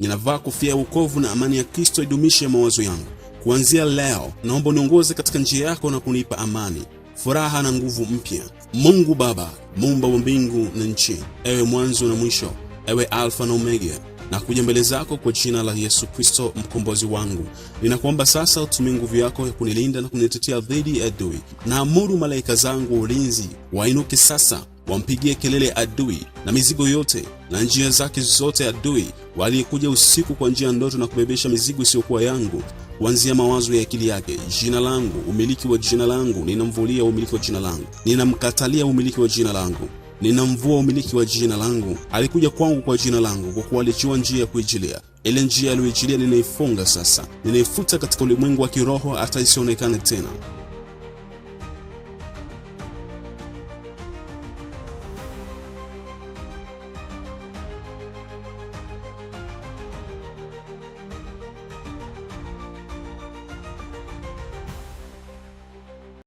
Ninavaa kofia ya wokovu na amani ya Kristo idumishe mawazo yangu. Kuanzia leo, naomba uniongoze katika njia yako na kunipa amani, furaha na nguvu mpya. Mungu Baba, muumba wa mbingu na nchi, ewe mwanzo na mwisho, ewe Alfa na Omega, kuja mbele zako kwa jina la Yesu Kristo mkombozi wangu. Ninakuomba sasa utumie nguvu yako ya kunilinda na kunitetea dhidi ya adui. Naamuru malaika zangu ulinzi wainuke sasa wampigie kelele adui na mizigo yote na njia zake zote adui, waliyekuja usiku kwa njia ndoto na kubebesha mizigo isiyokuwa yangu, kuanzia mawazo ya akili yake, jina langu, umiliki wa jina langu, ninamvulia umiliki wa jina langu, ninamkatalia umiliki wa jina langu ninamvua umiliki wa jina langu. Alikuja kwangu kwa jina langu, kwa kuwa alichiwa njia ya kuijilia. Ile njia aliyoijilia ninaifunga sasa, ninaifuta katika ulimwengu wa kiroho, hata isionekane tena.